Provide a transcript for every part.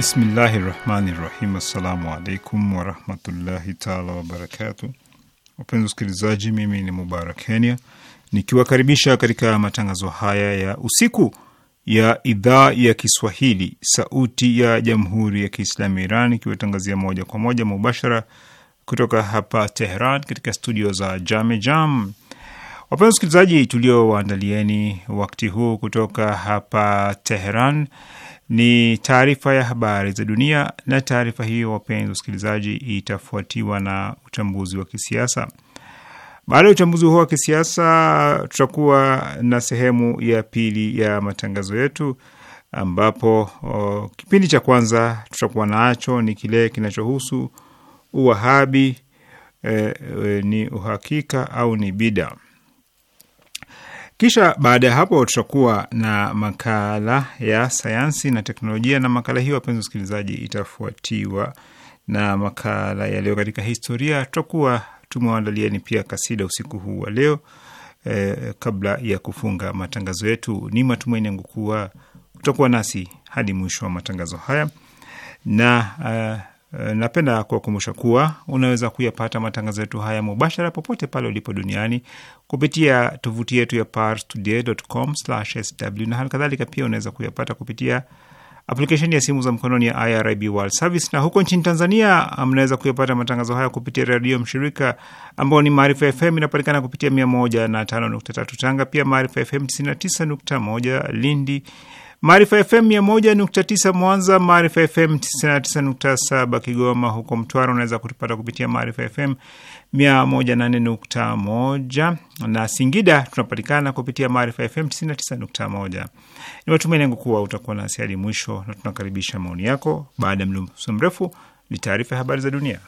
Bismillahi rahmani rahim. Assalamu alaikum warahmatullahi taala wabarakatu. Wapenzi wasikilizaji, mimi ni Mubarak Kenya nikiwakaribisha katika matangazo haya ya usiku ya idhaa ya Kiswahili sauti ya jamhuri ya Kiislamu ya Iran ikiwatangazia moja kwa moja mubashara kutoka hapa Tehran katika studio za Jame Jam. Wapenzi wasikilizaji, tuliowaandalieni wakti huu kutoka hapa Teheran ni taarifa ya habari za dunia, na taarifa hiyo, wapenzi wasikilizaji, itafuatiwa na uchambuzi wa kisiasa. Baada ya uchambuzi huo wa kisiasa, tutakuwa na sehemu ya pili ya matangazo yetu, ambapo o, kipindi cha kwanza tutakuwa nacho ni kile kinachohusu uwahabi, e, e, ni uhakika au ni bida kisha baada ya hapo tutakuwa na makala ya sayansi na teknolojia, na makala hiyo, wapenzi wasikilizaji, itafuatiwa na makala ya leo katika historia. Tutakuwa tumewaandalieni pia kasida usiku huu wa leo eh, kabla ya kufunga matangazo yetu. Ni matumaini yangu kuwa utakuwa nasi hadi mwisho wa matangazo haya na uh, Eh, napenda kuwakumbusha kuwa unaweza kuyapata matangazo yetu haya mubashara popote pale ulipo duniani kupitia tovuti yetu ya parstoday.com/sw na hali kadhalika, pia unaweza kuyapata kupitia aplikesheni ya simu za mkononi ya IRIB World Service. Na huko nchini Tanzania, ah, mnaweza kuyapata matangazo haya kupitia redio mshirika ambao ni Maarifa FM, inapatikana kupitia 105.3 Tanga, pia Maarifa FM 99.1 Lindi Maarifa FM 101.9 Mwanza, Maarifa FM 99.7 Kigoma. Huko Mtwara unaweza kutupata kupitia Maarifa FM 108.1 na Singida tunapatikana kupitia Maarifa FM 99.1. Ni matumaini yangu kuwa utakuwa nasi hadi mwisho, na tunakaribisha maoni yako baada ya mlo mrefu. Ni taarifa ya habari za dunia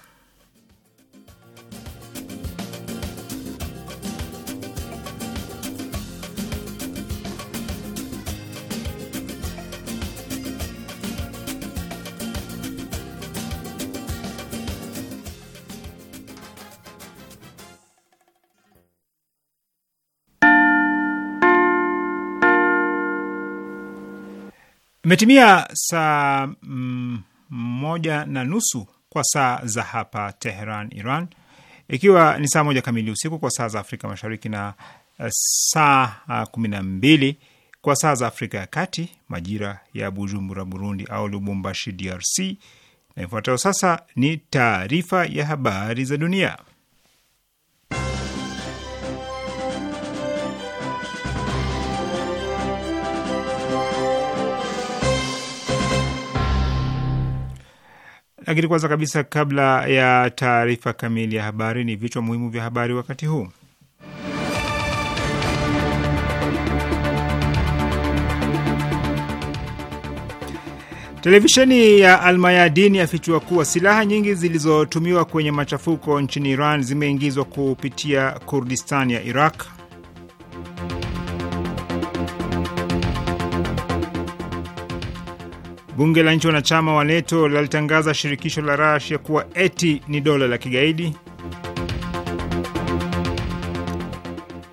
Imetimia saa mm, moja na nusu kwa saa za hapa Teheran, Iran, ikiwa ni saa moja kamili usiku kwa saa za Afrika Mashariki na eh, saa ah, kumi na mbili kwa saa za Afrika ya Kati, majira ya Bujumbura, Burundi, au Lubumbashi, DRC. Na ifuatayo sasa ni taarifa ya habari za dunia. Lakini kwanza kabisa, kabla ya taarifa kamili ya habari, ni vichwa muhimu vya habari wakati huu. Televisheni ya Almayadin yafichua kuwa silaha nyingi zilizotumiwa kwenye machafuko nchini Iran zimeingizwa kupitia Kurdistan ya Iraq. Bunge la nchi wanachama wa NATO lalitangaza shirikisho la Rasia kuwa eti ni dola la kigaidi.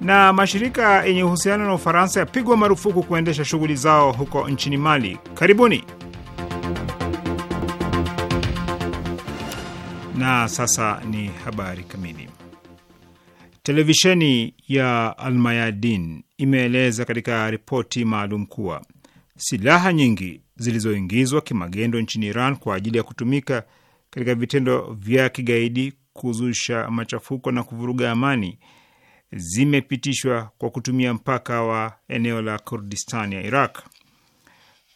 Na mashirika yenye uhusiano na Ufaransa yapigwa marufuku kuendesha shughuli zao huko nchini Mali. Karibuni. Na sasa ni habari kamili. Televisheni ya Almayadin imeeleza katika ripoti maalum kuwa silaha nyingi zilizoingizwa kimagendo nchini Iran kwa ajili ya kutumika katika vitendo vya kigaidi, kuzusha machafuko na kuvuruga amani zimepitishwa kwa kutumia mpaka wa eneo la Kurdistan ya Iraq.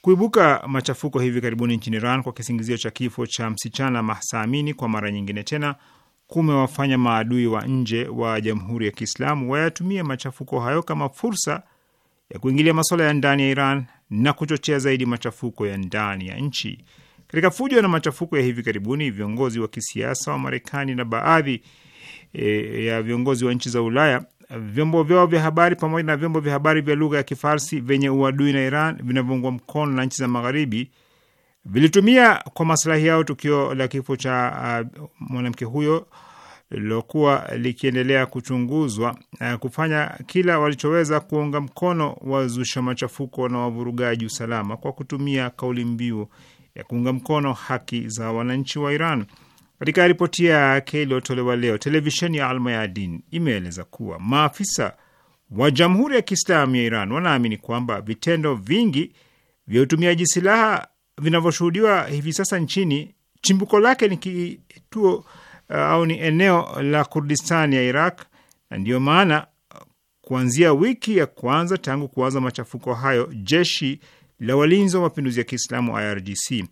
Kuibuka machafuko hivi karibuni nchini Iran kwa kisingizio cha kifo cha msichana Mahsa Amini kwa mara nyingine tena kumewafanya maadui wa nje wa Jamhuri ya Kiislamu wayatumie machafuko hayo kama fursa ya kuingilia masuala ya ndani ya Iran na kuchochea zaidi machafuko ya ndani ya nchi. Katika fujo na machafuko ya hivi karibuni, viongozi wa kisiasa wa Marekani na baadhi e, ya viongozi wa nchi za Ulaya, vyombo vyao vya habari pamoja na vyombo vya habari vya lugha ya Kifarsi vyenye uadui na Iran vinavyoungwa mkono na nchi za Magharibi vilitumia kwa maslahi yao tukio la kifo cha uh, mwanamke huyo lilokuwa likiendelea kuchunguzwa eh, kufanya kila walichoweza kuunga mkono wazusha machafuko na wavurugaji usalama kwa kutumia kauli mbiu ya kuunga mkono haki za wananchi wa Iran. Katika ripoti yake iliyotolewa leo, televisheni ya Almayadin imeeleza kuwa maafisa wa Jamhuri ya Kiislamu ya Iran wanaamini kwamba vitendo vingi vya utumiaji silaha vinavyoshuhudiwa hivi sasa nchini chimbuko lake ni kituo Eh, au ni eneo la Kurdistan ya Iraq, na ndiyo maana kuanzia wiki ya kwanza tangu kuanza machafuko hayo, jeshi la walinzi wa mapinduzi ya Kiislamu IRGC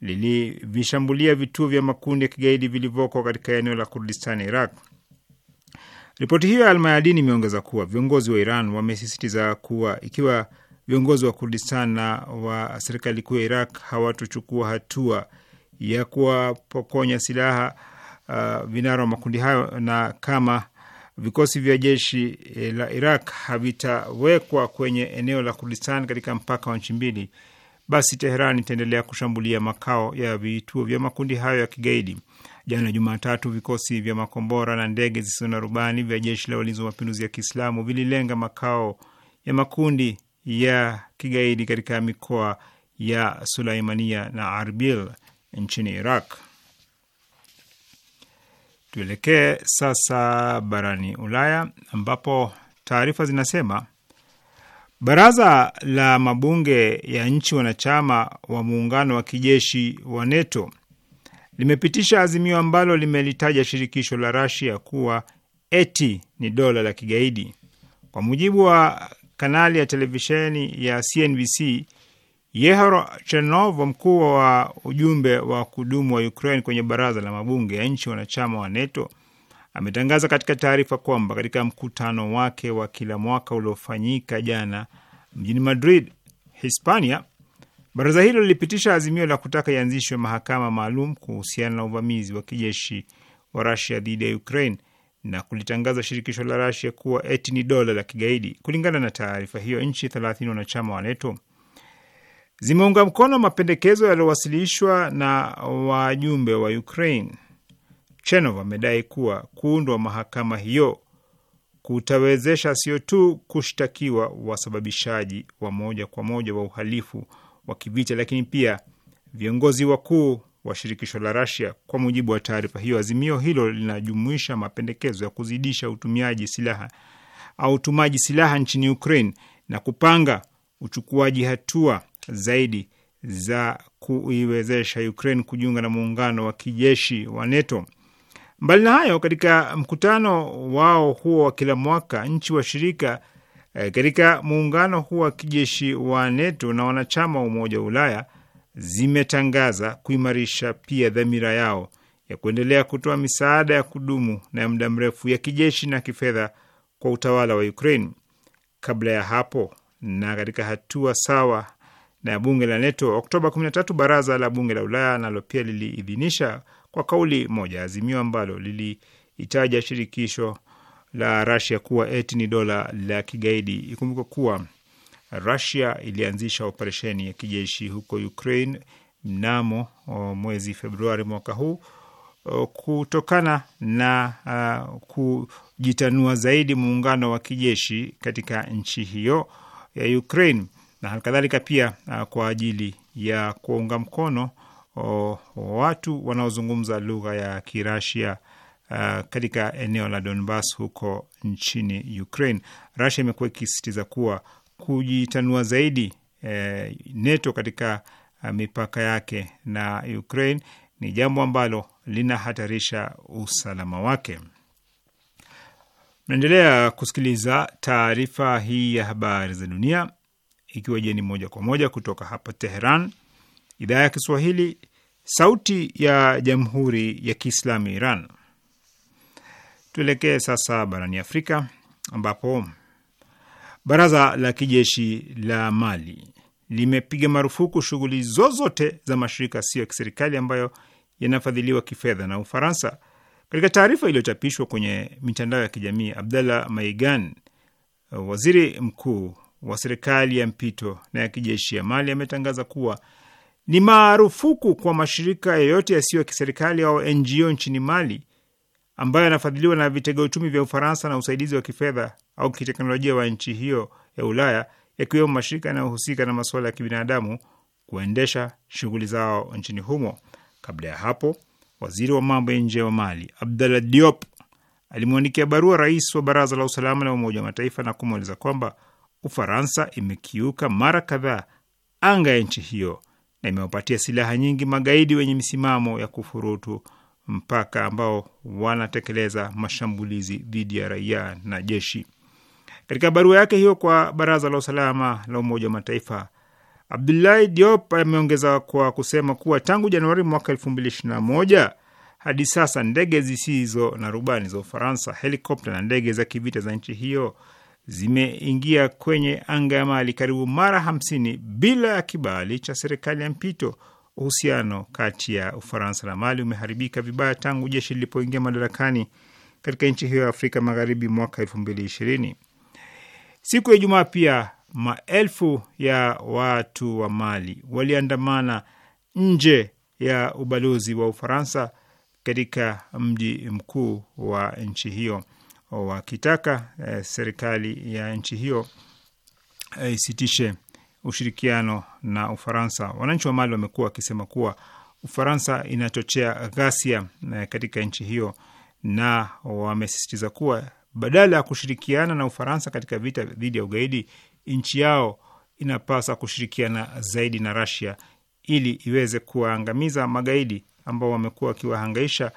lilivishambulia vituo vya makundi ya kigaidi vilivyoko katika eneo la Kurdistan ya Iraq. Ripoti hiyo ya Almayadini imeongeza kuwa viongozi wa Iran wamesisitiza kuwa ikiwa viongozi wa Kurdistan na wa serikali kuu ya Iraq hawatochukua hatua ya kuwapokonya silaha uh, vinara wa makundi hayo, na kama vikosi vya jeshi eh, la Iraq havitawekwa kwenye eneo la Kurdistan katika mpaka wa nchi mbili, basi Teheran itaendelea kushambulia makao ya vituo vya makundi hayo ya kigaidi. Jana Jumatatu, vikosi vya makombora na ndege zisizo na rubani vya jeshi la walinzi wa mapinduzi ya Kiislamu vililenga makao ya makundi ya kigaidi katika mikoa ya Sulaimania na Arbil nchini Iraq. Tuelekee sasa barani Ulaya ambapo taarifa zinasema baraza la mabunge ya nchi wanachama wa muungano wa kijeshi wa NATO limepitisha azimio ambalo limelitaja shirikisho la Rasia kuwa eti ni dola la kigaidi. Kwa mujibu wa kanali ya televisheni ya CNBC, Yehor Chenov, mkuu wa ujumbe wa kudumu wa Ukraine kwenye baraza la mabunge ya nchi wanachama wa NATO, ametangaza katika taarifa kwamba katika mkutano wake wa kila mwaka uliofanyika jana mjini Madrid, Hispania, baraza hilo lilipitisha azimio la kutaka ianzishwe mahakama maalum kuhusiana na uvamizi wa kijeshi wa Rusia dhidi ya Ukraine na kulitangaza shirikisho la Rusia kuwa eti ni dola la kigaidi. Kulingana na taarifa hiyo, nchi thelathini wanachama wa NATO zimeunga mkono mapendekezo yaliyowasilishwa na wajumbe wa Ukraine. Chenov amedai kuwa kuundwa mahakama hiyo kutawezesha sio tu kushtakiwa wasababishaji wa moja kwa moja wa uhalifu wa kivita, lakini pia viongozi wakuu wa shirikisho la Rasia. Kwa mujibu wa taarifa hiyo, azimio hilo linajumuisha mapendekezo ya kuzidisha utumiaji silaha au utumaji silaha nchini Ukraine na kupanga uchukuaji hatua zaidi za kuiwezesha Ukraine kujiunga na muungano wa kijeshi wa NATO. Mbali na hayo, katika mkutano wao huo wa kila mwaka nchi washirika e, katika muungano huo wa kijeshi wa NATO na wanachama wa Umoja wa Ulaya zimetangaza kuimarisha pia dhamira yao ya kuendelea kutoa misaada ya kudumu na ya muda mrefu ya kijeshi na kifedha kwa utawala wa Ukraine. Kabla ya hapo na katika hatua sawa na bunge la NATO Oktoba 13, baraza la bunge la Ulaya nalo pia liliidhinisha kwa kauli moja azimio ambalo liliitaja shirikisho la Rasia kuwa eti ni dola la kigaidi. Ikumbuka kuwa Rasia ilianzisha operesheni ya kijeshi huko Ukraine mnamo mwezi Februari mwaka huu kutokana na uh, kujitanua zaidi muungano wa kijeshi katika nchi hiyo ya Ukraine na halikadhalika pia uh, kwa ajili ya kuunga mkono uh, watu wanaozungumza lugha ya Kirasia Uh, katika eneo la Donbas huko nchini Ukraine. rasia imekuwa ikisisitiza kuwa kujitanua zaidi uh, NATO katika uh, mipaka yake na Ukraine ni jambo ambalo linahatarisha usalama wake. Naendelea kusikiliza taarifa hii ya habari za dunia ikiwa jeni moja kwa moja kutoka hapa Teheran, idhaa ya Kiswahili, sauti ya jamhuri ya kiislamu Iran. Tuelekee sasa barani Afrika ambapo baraza la kijeshi la Mali limepiga marufuku shughuli zozote za mashirika sio ya kiserikali ambayo yanafadhiliwa kifedha na Ufaransa. Katika taarifa iliyochapishwa kwenye mitandao ya kijamii, Abdallah Maigan, waziri mkuu wa serikali ya mpito na ya kijeshi ya Mali ametangaza kuwa ni marufuku kwa mashirika yoyote yasiyo ya kiserikali au NGO nchini Mali ambayo yanafadhiliwa na vitega uchumi vya Ufaransa na usaidizi wa kifedha au kiteknolojia wa nchi hiyo ya Ulaya, yakiwemo mashirika yanayohusika na, na masuala ya kibinadamu kuendesha shughuli zao nchini humo. Kabla ya hapo, waziri wa mambo ya nje wa Mali Abdallah Diop alimwandikia barua rais wa Baraza la Usalama la Umoja wa Mataifa na kumweleza kwamba Ufaransa imekiuka mara kadhaa anga ya nchi hiyo na imewapatia silaha nyingi magaidi wenye misimamo ya kufurutu mpaka ambao wanatekeleza mashambulizi dhidi ya raia na jeshi. Katika barua yake hiyo kwa Baraza la Usalama la Umoja wa Mataifa, Abdulahi Diop ameongeza kwa kusema kuwa tangu Januari mwaka elfu mbili ishirini na moja hadi sasa ndege zisizo na rubani za Ufaransa, helikopta na ndege za kivita za nchi hiyo zimeingia kwenye anga ya mali karibu mara hamsini bila ya kibali cha serikali ya mpito. Uhusiano kati ya Ufaransa na Mali umeharibika vibaya tangu jeshi lilipoingia madarakani katika nchi hiyo ya Afrika Magharibi mwaka elfu mbili ishirini. Siku ya Ijumaa pia maelfu ya watu wa Mali waliandamana nje ya ubalozi wa Ufaransa katika mji mkuu wa nchi hiyo wakitaka eh, serikali ya nchi hiyo eh, isitishe eh, ushirikiano na Ufaransa. Wananchi wa Mali wamekuwa wakisema kuwa Ufaransa inachochea ghasia eh, katika nchi hiyo, na wamesisitiza kuwa badala ya kushirikiana na Ufaransa katika vita dhidi ya ugaidi, nchi yao inapaswa kushirikiana zaidi na Rasia ili iweze kuwaangamiza magaidi ambao wamekuwa wakiwahangaisha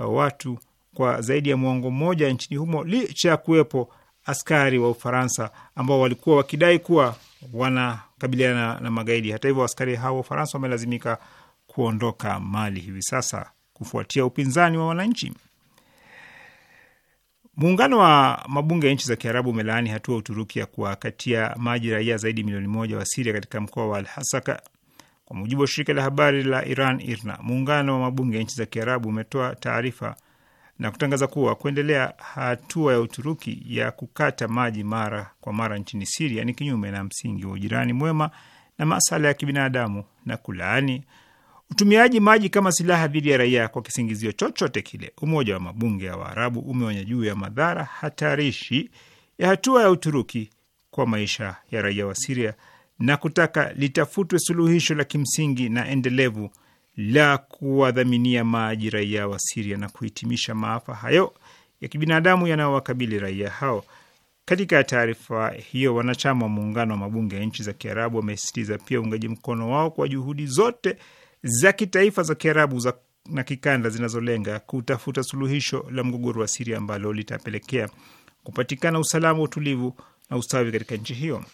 eh, watu kwa zaidi ya mwongo mmoja nchini humo licha ya kuwepo askari wa Ufaransa ambao walikuwa wakidai kuwa wanakabiliana na magaidi. Hata hivyo, askari hao wa Ufaransa wamelazimika kuondoka Mali hivi sasa kufuatia upinzani wa wananchi. Muungano wa mabunge ya nchi za Kiarabu umelaani hatua Uturuki ya kuwakatia maji raia zaidi milioni moja wa Siria katika mkoa wa Alhasaka, kwa mujibu wa shirika la habari la Iran IRNA. Muungano wa mabunge ya nchi za Kiarabu umetoa taarifa na kutangaza kuwa kuendelea hatua ya Uturuki ya kukata maji mara kwa mara nchini Siria ni kinyume na msingi wa ujirani mwema na masala ya kibinadamu na kulaani utumiaji maji kama silaha dhidi ya raia kwa kisingizio chochote kile. Umoja wa mabunge ya Waarabu umeonya juu ya madhara hatarishi ya hatua ya Uturuki kwa maisha ya raia wa Siria na kutaka litafutwe suluhisho la kimsingi na endelevu la kuwadhaminia maji raia wa Siria na kuhitimisha maafa hayo ya kibinadamu yanayowakabili raia hao. Katika taarifa hiyo, wanachama wa muungano wa mabunge ya nchi za Kiarabu wamesisitiza pia uungaji mkono wao kwa juhudi zote za kitaifa za Kiarabu za na kikanda zinazolenga kutafuta suluhisho la mgogoro wa Siria ambalo litapelekea kupatikana usalama, utulivu na ustawi katika nchi hiyo.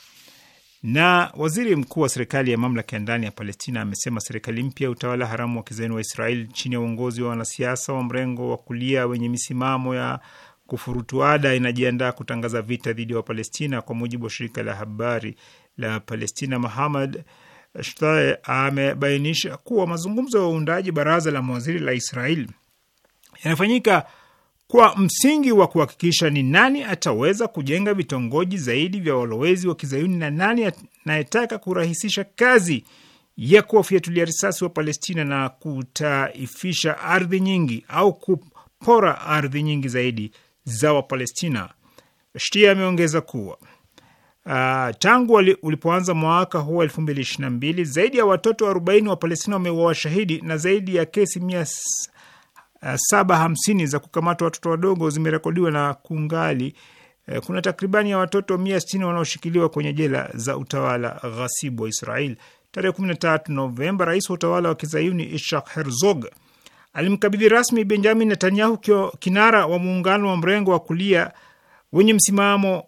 Na waziri mkuu wa serikali ya mamlaka ya ndani ya Palestina amesema serikali mpya ya utawala haramu wa kizayuni wa Israeli chini ya uongozi wa wanasiasa wa mrengo wa kulia wenye misimamo ya kufurutuada inajiandaa kutangaza vita dhidi ya wa Wapalestina. Kwa mujibu wa shirika la habari la Palestina, Muhammad shtae amebainisha kuwa mazungumzo ya uundaji baraza la mawaziri la Israeli yanafanyika kwa msingi wa kuhakikisha ni nani ataweza kujenga vitongoji zaidi vya walowezi wa kizayuni na nani anayetaka kurahisisha kazi ya kuwafiatulia risasi wa Palestina na kutaifisha ardhi nyingi au kupora ardhi nyingi zaidi za Wapalestina. Shtia ameongeza kuwa Uh, tangu ulipoanza mwaka huu mbili zaidi ya watoto arobaini wa Palestina wameuawa shahidi na zaidi ya kesi mia Eh, saba hamsini za kukamatwa watoto wadogo zimerekodiwa na kungali eh, kuna takribani ya watoto mia sitini wanaoshikiliwa kwenye jela za utawala ghasibu wa Israel. Tarehe 13 Novemba, rais wa utawala wa kizayuni Ishak Herzog alimkabidhi rasmi Benjamin Netanyahu, kinara wa muungano wa mrengo wa kulia wenye msimamo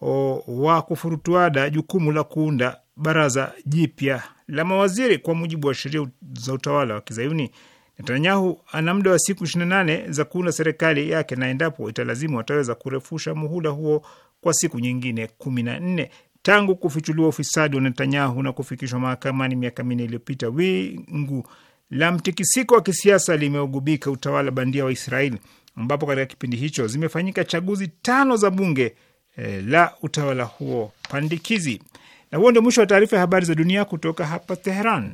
o, wa kufurutuada, jukumu la kuunda baraza jipya la mawaziri kwa mujibu wa sheria za utawala wa kizayuni. Netanyahu ana muda wa siku 28 za kuunda serikali yake na endapo italazimu ataweza kurefusha muhula huo kwa siku nyingine 14. Tangu kufichuliwa ufisadi wa Netanyahu na kufikishwa mahakamani miaka minne iliyopita, wingu la mtikisiko wa kisiasa limeugubika utawala bandia wa Israeli, ambapo katika kipindi hicho zimefanyika chaguzi tano za bunge eh, la utawala huo pandikizi. Na huo ndio mwisho wa taarifa ya habari za dunia kutoka hapa Teheran.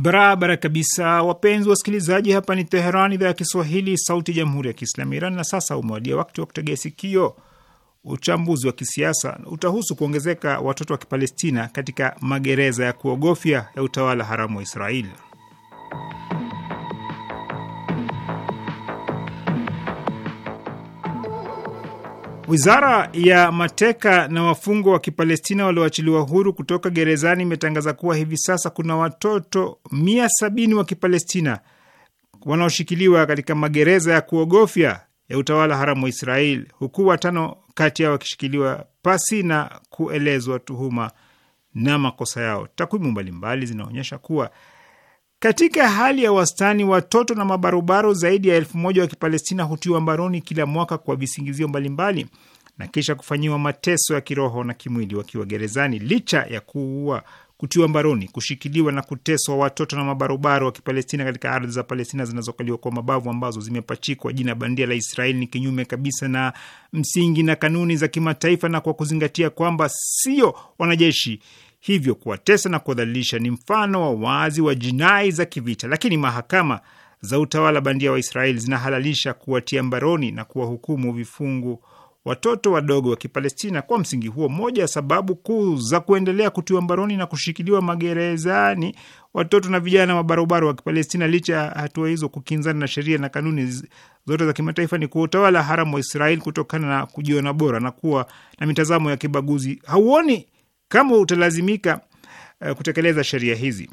barabara kabisa, wapenzi wasikilizaji, hapa ni Teheran, idhaa ya Kiswahili, sauti ya jamhuri ya kiislamu Iran. Na sasa umewadia wakati wa kutegea sikio uchambuzi wa kisiasa. Utahusu kuongezeka watoto wa Kipalestina katika magereza ya kuogofya ya utawala haramu wa Israeli. Wizara ya mateka na wafungwa wa Kipalestina walioachiliwa huru kutoka gerezani imetangaza kuwa hivi sasa kuna watoto mia sabini wa Kipalestina wanaoshikiliwa katika magereza ya kuogofya ya utawala haramu wa Israeli, huku watano kati yao wakishikiliwa pasi na kuelezwa tuhuma na makosa yao. Takwimu mbalimbali zinaonyesha kuwa katika hali ya wastani, watoto na mabarobaro zaidi ya elfu moja wa Kipalestina hutiwa mbaroni kila mwaka kwa visingizio mbalimbali na kisha kufanyiwa mateso ya kiroho na kimwili wakiwa gerezani. Licha ya kuua, kutiwa mbaroni, kushikiliwa na kuteswa watoto na mabarobaro wa Kipalestina katika ardhi za Palestina zinazokaliwa kwa mabavu ambazo zimepachikwa jina bandia la Israeli ni kinyume kabisa na msingi na kanuni za kimataifa, na kwa kuzingatia kwamba sio wanajeshi Hivyo kuwatesa na kuwadhalilisha ni mfano wa wazi wa jinai za kivita, lakini mahakama za utawala bandia wa Israeli zinahalalisha kuwatia mbaroni na kuwahukumu vifungu watoto wadogo wa Kipalestina. Kwa msingi huo, moja ya sababu kuu za kuendelea kutiwa mbaroni na kushikiliwa magerezani watoto na vijana wa barobaro wa Kipalestina, licha ya hatua hizo kukinzana na sheria na kanuni zote za kimataifa, ni kuwa utawala haramu wa Israeli, kutokana na kujiona bora na kuwa na mitazamo ya kibaguzi, hauoni kama utalazimika eh, kutekeleza sheria hizi.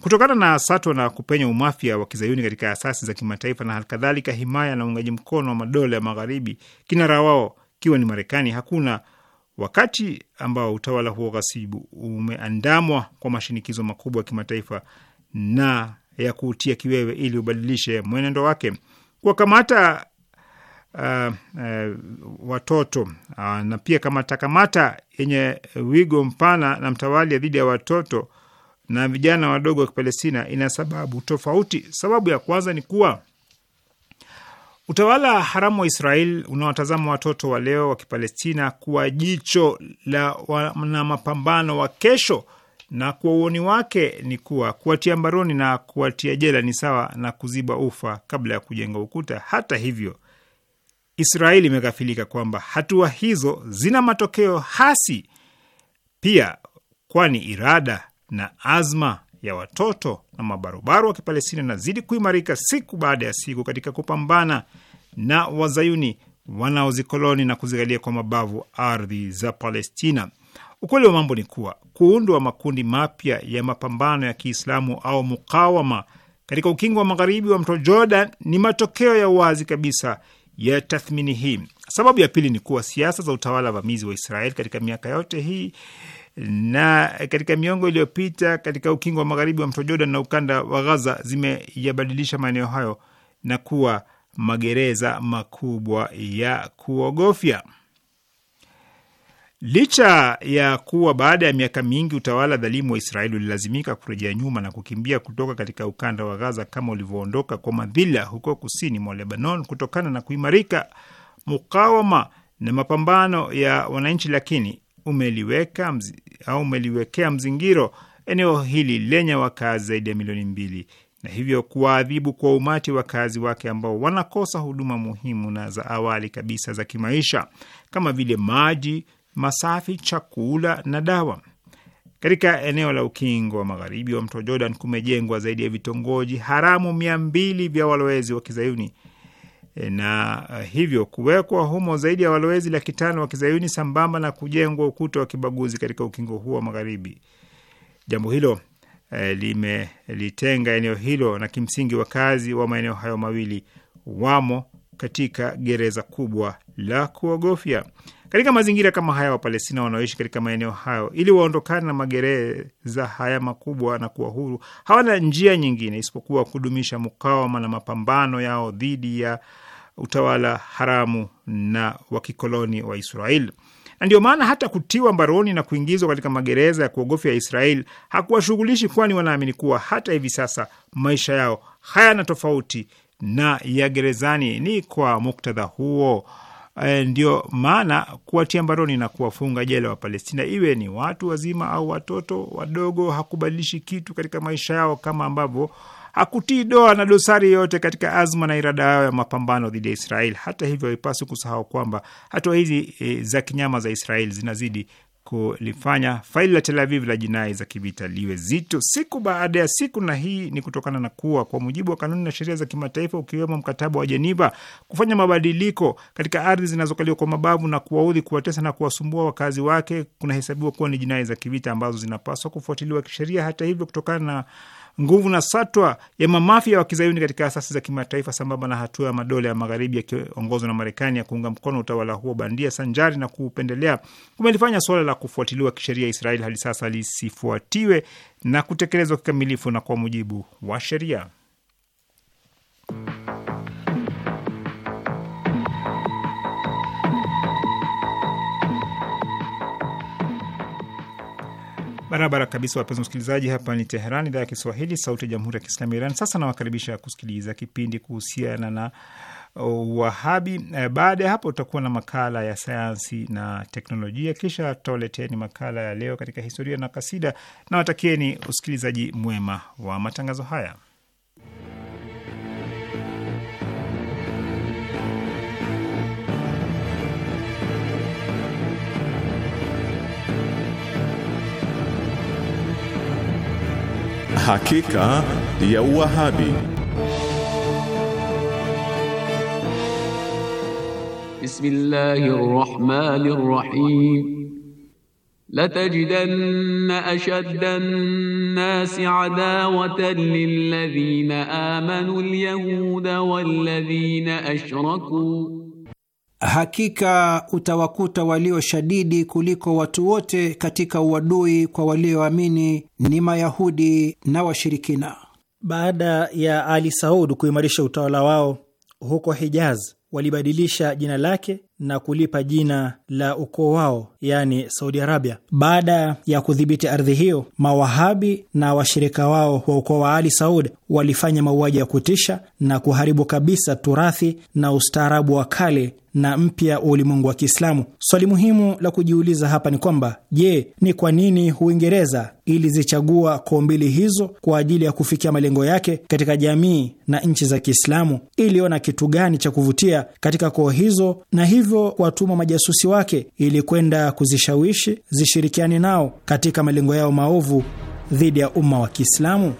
Kutokana na satwa na kupenya umafia wa kizayuni katika asasi za kimataifa na halikadhalika himaya na uungaji mkono wa madola ya magharibi, kinara wao ikiwa ni Marekani, hakuna wakati ambao utawala huo ghasibu umeandamwa kwa mashinikizo makubwa ya kimataifa na ya kuutia kiwewe ili ubadilishe mwenendo wake. Kuwakamata uh, uh, watoto uh, na pia kamatakamata yenye wigo mpana na mtawalia dhidi ya watoto na vijana wadogo wa Kipalestina ina sababu tofauti. Sababu ya kwanza ni kuwa utawala haramu wa Israel unawatazama watoto wa leo wa Kipalestina kuwa jicho la na mapambano wa kesho, na kwa uoni wake ni kuwa kuwatia mbaroni na kuwatia jela ni sawa na kuziba ufa kabla ya kujenga ukuta. Hata hivyo Israeli imeghafilika kwamba hatua hizo zina matokeo hasi pia, kwani irada na azma ya watoto na mabarobaro wa Kipalestina inazidi kuimarika siku baada ya siku katika kupambana na wazayuni wanaozikoloni na kuzigalia kwa mabavu ardhi za Palestina. Ukweli wa mambo ni kuwa kuundwa makundi mapya ya mapambano ya Kiislamu au mukawama katika ukingo wa magharibi wa mto Jordan ni matokeo ya wazi kabisa ya tathmini hii. Sababu ya pili ni kuwa siasa za utawala vamizi wa Israel katika miaka yote hii na katika miongo iliyopita katika ukingo wa magharibi wa mto Jordan na ukanda wa Gaza zimeyabadilisha maeneo hayo na kuwa magereza makubwa ya kuogofya. Licha ya kuwa baada ya miaka mingi utawala dhalimu wa Israeli ulilazimika kurejea nyuma na kukimbia kutoka katika ukanda wa Gaza kama ulivyoondoka kwa madhila huko kusini mwa Lebanon kutokana na kuimarika mukawama na mapambano ya wananchi, lakini umeliweka mzi, au umeliwekea mzingiro eneo hili lenye wakazi zaidi ya milioni mbili na hivyo kuwaadhibu kwa umati wakazi wake ambao wanakosa huduma muhimu na za awali kabisa za kimaisha kama vile maji masafi, chakula na dawa. Katika eneo la ukingo wa magharibi wa mto Jordan kumejengwa zaidi ya vitongoji haramu mia mbili vya walowezi wa kizayuni e, na e, hivyo kuwekwa humo zaidi ya walowezi laki tano wa kizayuni sambamba na kujengwa ukuta wa kibaguzi katika ukingo huo wa magharibi. Jambo hilo eh, limelitenga eneo hilo na kimsingi wakazi wa maeneo hayo mawili wamo katika gereza kubwa la kuogofya. Katika mazingira kama haya, Wapalestina wanaoishi katika maeneo hayo, ili waondokane na magereza haya makubwa na kuwa huru, hawana njia nyingine isipokuwa kudumisha mukawama na mapambano yao dhidi ya utawala haramu na wa kikoloni wa Israeli. Na ndio maana hata kutiwa mbaroni na kuingizwa katika magereza ya kuogofya ya Israeli hakuwashughulishi, kwani wanaamini kuwa hata hivi sasa maisha yao hayana tofauti na ya gerezani. Ni kwa muktadha huo E, ndio maana kuwatia mbaroni na kuwafunga jela wa Palestina, iwe ni watu wazima au watoto wadogo, hakubadilishi kitu katika maisha yao, kama ambavyo hakutii doa na dosari yoyote katika azma na irada yao ya mapambano dhidi ya Israeli. Hata hivyo, haipaswi kusahau kwamba hatua hizi e, za kinyama za Israeli zinazidi kulifanya faili la Tel Aviv la jinai za kivita liwe zito siku baada ya siku, na hii ni kutokana na kuwa kwa mujibu wa kanuni na sheria za kimataifa, ukiwemo mkataba wa Jeniva, kufanya mabadiliko katika ardhi zinazokaliwa kwa mabavu na kuwaudhi, kuwatesa na kuwasumbua wakazi wake kunahesabiwa kuwa ni jinai za kivita ambazo zinapaswa kufuatiliwa kisheria. Hata hivyo, kutokana na nguvu na satwa ya mamafia wa kizayuni katika asasi za kimataifa sambamba na hatua ya madola ya magharibi yakiongozwa na Marekani ya kuunga mkono utawala huo bandia sanjari na kuupendelea kumelifanya suala la kufuatiliwa kisheria Israeli hadi sasa lisifuatiwe na kutekelezwa kikamilifu na kwa mujibu wa sheria. Barabara kabisa, wapenzi msikilizaji, hapa ni Teheran, idhaa ya Kiswahili, sauti ya jamhuri ya kiislamu ya Iran. Sasa nawakaribisha kusikiliza kipindi kuhusiana na uh, Wahabi. Eh, baada ya hapo, tutakuwa na makala ya sayansi na teknolojia, kisha tutawaleteni makala ya leo katika historia na kasida, na watakieni usikilizaji mwema wa matangazo haya. Hakika ya Uwahabi. بسم الله الرحمن الرحيم لتجدن اشد الناس عداوه للذين امنوا اليهود والذين اشركوا Hakika utawakuta walio shadidi kuliko watu wote katika uadui kwa walioamini ni Mayahudi na washirikina. Baada ya Ali Saud kuimarisha utawala wao huko Hijaz, walibadilisha jina lake na kulipa jina la ukoo wao yani Saudi Arabia. Baada ya kudhibiti ardhi hiyo, mawahabi na washirika wao wa ukoo wa Ali Saud walifanya mauaji ya kutisha na kuharibu kabisa turathi na ustaarabu wa kale na mpya wa ulimwengu wa Kiislamu. Swali muhimu la kujiuliza hapa ni kwamba je, ni kwa nini Uingereza ilizichagua koo mbili hizo kwa ajili ya kufikia malengo yake katika jamii na nchi za Kiislamu? Iliona kitu gani cha kuvutia katika koo hizo na hivi hivyo kuwatuma majasusi wake ili kwenda kuzishawishi zishirikiane nao katika malengo yao maovu dhidi ya umma wa Kiislamu.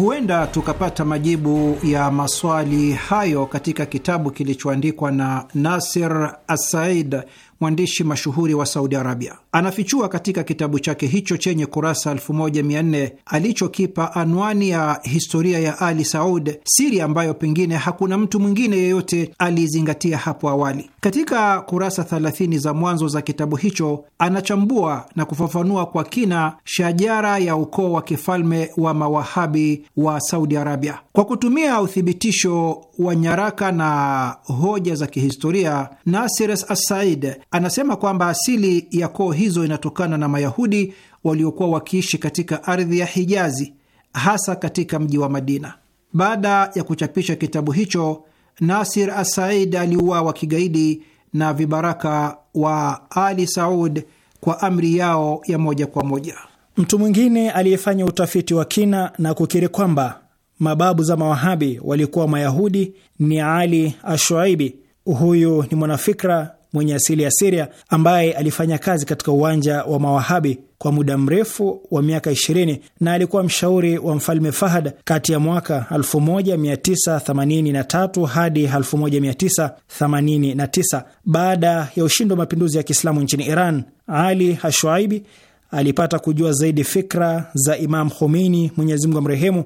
Huenda tukapata majibu ya maswali hayo katika kitabu kilichoandikwa na Nasir Assaid, mwandishi mashuhuri wa Saudi Arabia. Anafichua katika kitabu chake hicho chenye kurasa 1400 alichokipa anwani ya historia ya Ali Saud, siri ambayo pengine hakuna mtu mwingine yeyote aliizingatia hapo awali. Katika kurasa 30 za mwanzo za kitabu hicho anachambua na kufafanua kwa kina shajara ya ukoo wa kifalme wa Mawahabi wa Saudi Arabia kwa kutumia uthibitisho wa nyaraka na hoja za kihistoria. Nasiris Assaid anasema kwamba asili ya koo hizo inatokana na Mayahudi waliokuwa wakiishi katika ardhi ya Hijazi, hasa katika mji wa Madina. Baada ya kuchapisha kitabu hicho Nasir Assaid aliuawa kigaidi na vibaraka wa Ali Saud kwa amri yao ya moja kwa moja. Mtu mwingine aliyefanya utafiti wa kina na kukiri kwamba mababu za mawahabi walikuwa Mayahudi ni Ali Ashuaibi. Huyu ni mwanafikra mwenye asili ya Siria ambaye alifanya kazi katika uwanja wa mawahabi kwa muda mrefu wa miaka 20 na alikuwa mshauri wa mfalme Fahad kati ya mwaka 1983 hadi 1989. Baada ya ushindi wa mapinduzi ya Kiislamu nchini Iran, Ali Hashuaibi alipata kujua zaidi fikra za Imam Khomeini, Mwenyezi Mungu amrehemu,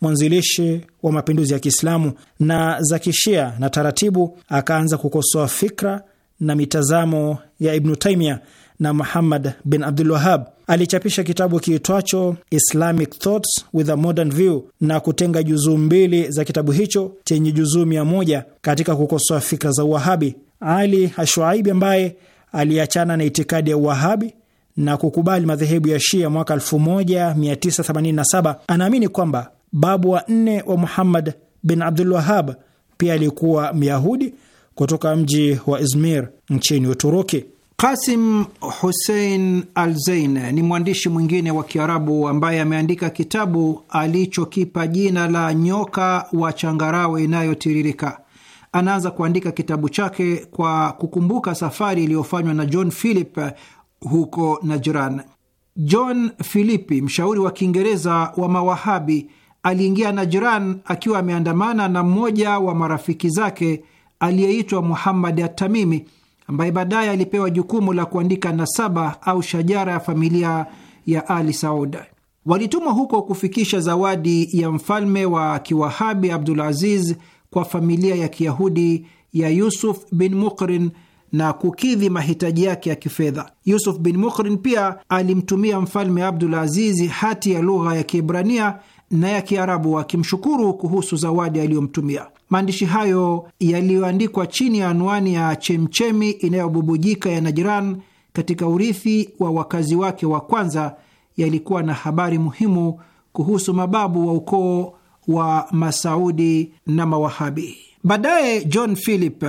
mwanzilishi wa mapinduzi ya Kiislamu na za Kishia, na taratibu akaanza kukosoa fikra na mitazamo ya Ibnu Taimia na Muhammad bin Abdul Wahab. Alichapisha kitabu kiitwacho Islamic Thoughts with a Modern View na kutenga juzuu mbili za kitabu hicho chenye juzuu mia moja katika kukosoa fikra za Uwahabi. Ali ashuaibi ambaye aliachana na itikadi ya Uwahabi na kukubali madhehebu ya Shia mwaka 1987 anaamini kwamba babu wa nne wa Muhammad bin Abdul Wahab pia alikuwa Myahudi kutoka mji wa Izmir nchini Uturuki. Kasim Hussein Alzein ni mwandishi mwingine wa Kiarabu ambaye ameandika kitabu alichokipa jina la Nyoka wa Changarawe Inayotiririka. Anaanza kuandika kitabu chake kwa kukumbuka safari iliyofanywa na John Philip huko Najran. John Philipi, mshauri wa Kiingereza wa Mawahabi, aliingia Najran akiwa ameandamana na mmoja wa marafiki zake aliyeitwa Muhammad Atamimi, ambaye baadaye alipewa jukumu la kuandika nasaba au shajara ya familia ya Ali Saud. Walitumwa huko kufikisha zawadi ya mfalme wa kiwahabi abdul aziz kwa familia ya kiyahudi ya Yusuf bin Mukrin na kukidhi mahitaji yake ya kifedha. Yusuf bin Mukrin pia alimtumia mfalme Abdul Azizi hati ya lugha ya Kiebrania na ya Kiarabu akimshukuru kuhusu zawadi aliyomtumia. Maandishi hayo yaliyoandikwa chini ya anwani ya chemchemi inayobubujika ya Najran katika urithi wa wakazi wake wa kwanza yalikuwa na habari muhimu kuhusu mababu wa ukoo wa Masaudi na Mawahabi. Baadaye John Philip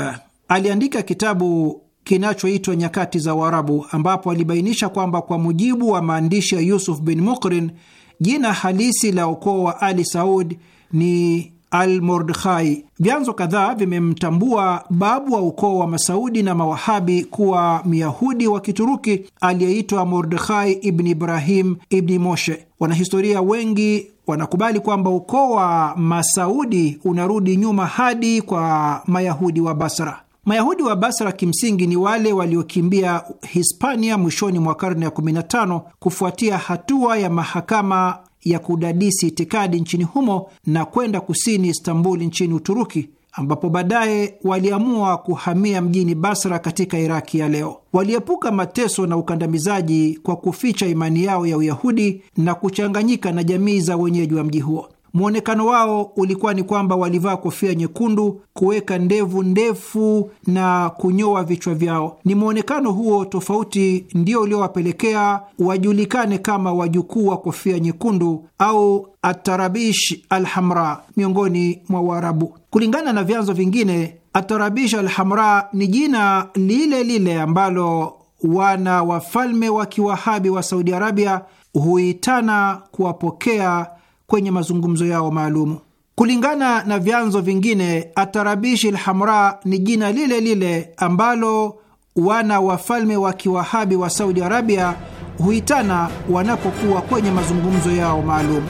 aliandika kitabu kinachoitwa Nyakati za Uarabu, ambapo alibainisha kwamba kwa mujibu wa maandishi ya Yusuf bin Mukrin, jina halisi la ukoo wa Ali Saud ni al Mordekhai. Vyanzo kadhaa vimemtambua babu wa ukoo wa Masaudi na Mawahabi kuwa Myahudi wa Kituruki aliyeitwa Mordekhai ibn Ibrahim ibn Moshe. Wanahistoria wengi wanakubali kwamba ukoo wa Masaudi unarudi nyuma hadi kwa Mayahudi wa Basra. Mayahudi wa Basra kimsingi ni wale waliokimbia Hispania mwishoni mwa karne ya 15 kufuatia hatua ya mahakama ya kudadisi itikadi nchini humo na kwenda kusini istanbuli nchini Uturuki, ambapo baadaye waliamua kuhamia mjini Basra katika Iraki ya leo. Waliepuka mateso na ukandamizaji kwa kuficha imani yao ya Uyahudi na kuchanganyika na jamii za wenyeji wa mji huo. Mwonekano wao ulikuwa ni kwamba walivaa kofia nyekundu, kuweka ndevu ndefu na kunyoa vichwa vyao. Ni mwonekano huo tofauti ndio uliowapelekea wajulikane kama wajukuu wa kofia nyekundu au atarabish alhamra miongoni mwa Waarabu. Kulingana na vyanzo vingine, atarabish alhamra ni jina lile lile ambalo wana wafalme wa kiwahabi wa Saudi Arabia huitana kuwapokea kwenye mazungumzo yao maalumu. Kulingana na vyanzo vingine, Atarabishi Lhamra ni jina lile lile ambalo wana wafalme wa kiwahabi wa Saudi Arabia huitana wanapokuwa kwenye mazungumzo yao maalum.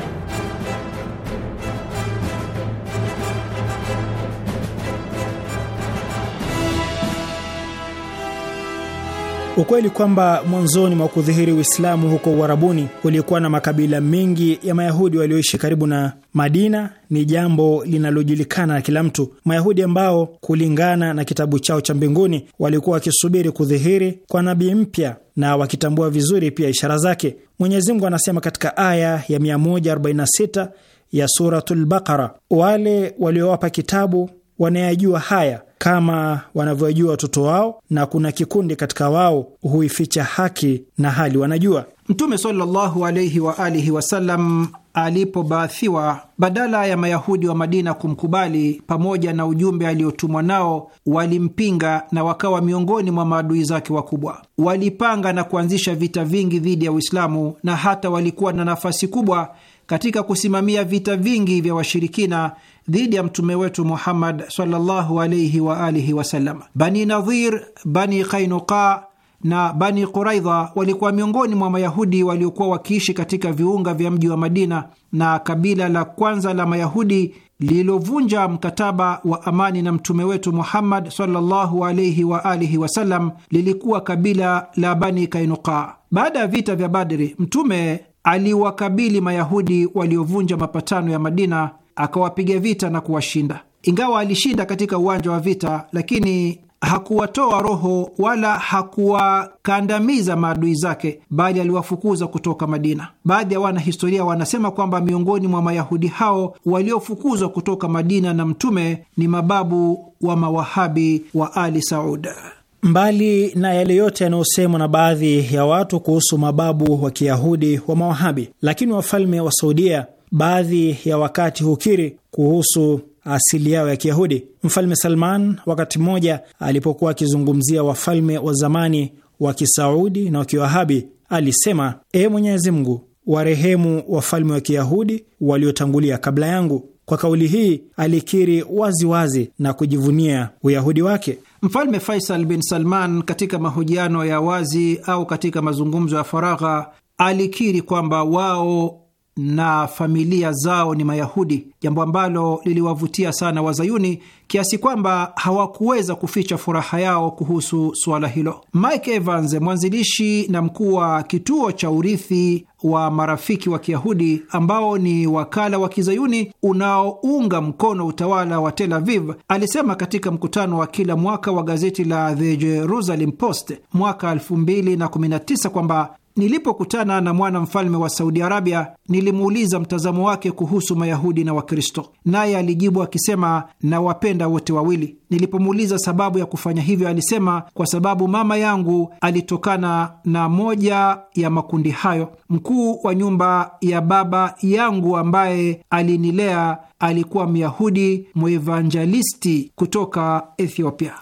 Ukweli kwamba mwanzoni mwa kudhihiri Uislamu huko Uarabuni kulikuwa na makabila mengi ya Mayahudi walioishi karibu na Madina ni jambo linalojulikana na kila mtu. Mayahudi ambao kulingana na kitabu chao cha mbinguni walikuwa wakisubiri kudhihiri kwa nabii mpya na wakitambua vizuri pia ishara zake. Mwenyezi Mungu anasema katika aya ya 146 ya Suratul Baqara, wale waliowapa kitabu wanayajua haya kama wanavyojua watoto wao, na kuna kikundi katika wao huificha haki na hali wanajua. Mtume sallallahu alaihi wa alihi wasallam alipobaathiwa, badala ya Mayahudi wa Madina kumkubali, pamoja na ujumbe aliotumwa nao, walimpinga na wakawa miongoni mwa maadui zake wakubwa. Walipanga na kuanzisha vita vingi dhidi ya Uislamu na hata walikuwa na nafasi kubwa katika kusimamia vita vingi vya washirikina dhidi ya mtume wetu Muhammad sallallahu alayhi wa alihi wasallam. Bani Nadhir, Bani Kainuqa na Bani Quraidha walikuwa miongoni mwa Mayahudi waliokuwa wakiishi katika viunga vya mji wa Madina na kabila la kwanza la Mayahudi lililovunja mkataba wa amani na mtume wetu Muhammad sallallahu alaihi wa alihi wasallam lilikuwa kabila la Bani Kainuka. Baada ya vita vya Badri, mtume aliwakabili Mayahudi waliovunja mapatano ya Madina, akawapiga vita na kuwashinda. Ingawa alishinda katika uwanja wa vita, lakini hakuwatoa roho wala hakuwakandamiza maadui zake, bali aliwafukuza kutoka Madina. Baadhi ya wanahistoria wanasema kwamba miongoni mwa Mayahudi hao waliofukuzwa kutoka Madina na Mtume ni mababu wa Mawahabi wa Ali Saud. Mbali na yale yote yanayosemwa na baadhi ya watu kuhusu mababu wa Kiyahudi wa Mawahabi, lakini wafalme wa Saudia baadhi ya wakati hukiri kuhusu asili yao ya Kiyahudi. Mfalme Salman wakati mmoja alipokuwa akizungumzia wafalme wa zamani wa Kisaudi na wa Kiwahabi alisema: E Mwenyezi Mungu, warehemu wafalme wa Kiyahudi waliotangulia kabla yangu. Kwa kauli hii alikiri waziwazi wazi na kujivunia uyahudi wake. Mfalme Faisal bin Salman katika mahojiano ya wazi au katika mazungumzo ya faragha alikiri kwamba wao na familia zao ni Mayahudi, jambo ambalo liliwavutia sana Wazayuni kiasi kwamba hawakuweza kuficha furaha yao kuhusu suala hilo. Mike Evans, mwanzilishi na mkuu wa kituo cha urithi wa marafiki wa Kiyahudi, ambao ni wakala wa kizayuni unaounga mkono utawala wa Tel Aviv, alisema katika mkutano wa kila mwaka wa gazeti la The Jerusalem Post mwaka 2019 kwamba Nilipokutana na mwana mfalme wa Saudi Arabia, nilimuuliza mtazamo wake kuhusu Mayahudi na Wakristo, naye alijibu akisema, nawapenda wote wawili. Nilipomuuliza sababu ya kufanya hivyo, alisema, kwa sababu mama yangu alitokana na moja ya makundi hayo. Mkuu wa nyumba ya baba yangu ambaye alinilea alikuwa Myahudi mwevanjalisti kutoka Ethiopia.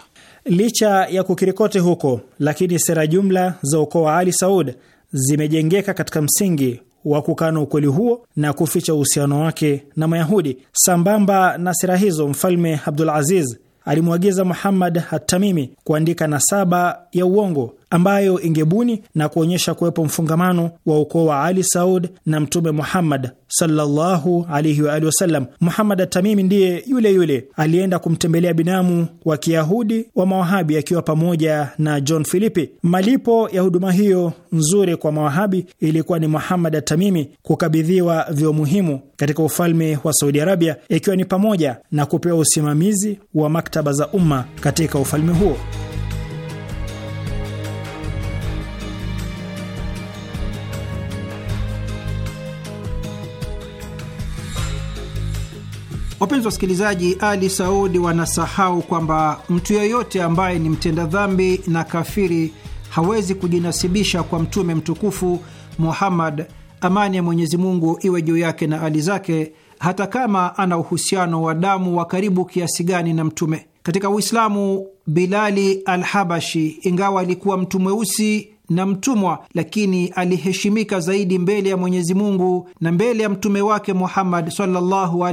Licha ya kukirikoti huko, lakini sera jumla za ukoo wa Ali Saud zimejengeka katika msingi wa kukana ukweli huo na kuficha uhusiano wake na Mayahudi. Sambamba na sera hizo, mfalme Abdul Aziz alimwagiza Muhammad Hatamimi kuandika nasaba ya uongo ambayo ingebuni na kuonyesha kuwepo mfungamano wa ukoo wa Ali Saud na Mtume Muhammad sallallahu alaihi wa alihi wasallam. Muhammad Atamimi ndiye yule yule alienda kumtembelea binamu wa Kiyahudi wa Mawahabi akiwa pamoja na John Philipi. Malipo ya huduma hiyo nzuri kwa Mawahabi ilikuwa ni Muhammad Atamimi kukabidhiwa vyo muhimu katika ufalme wa Saudi Arabia, ikiwa ni pamoja na kupewa usimamizi wa maktaba za umma katika ufalme huo. Wapenzi wasikilizaji, Ali Saudi wanasahau kwamba mtu yeyote ambaye ni mtenda dhambi na kafiri hawezi kujinasibisha kwa mtume mtukufu Muhammad, amani ya Mwenyezi Mungu iwe juu yake na ali zake, hata kama ana uhusiano wa damu wa karibu kiasi gani na mtume. Katika Uislamu, Bilali al Habashi, ingawa alikuwa mtu mweusi na mtumwa, lakini aliheshimika zaidi mbele ya Mwenyezi Mungu na mbele ya mtume wake Muhammad sallallahu wa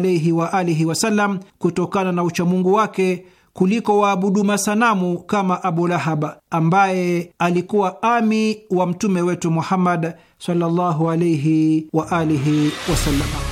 alihi wasallam kutokana na uchamungu wake kuliko waabudu masanamu kama Abu Lahab ambaye alikuwa ami wa mtume wetu Muhammad sallallahu wa alihi wasallam.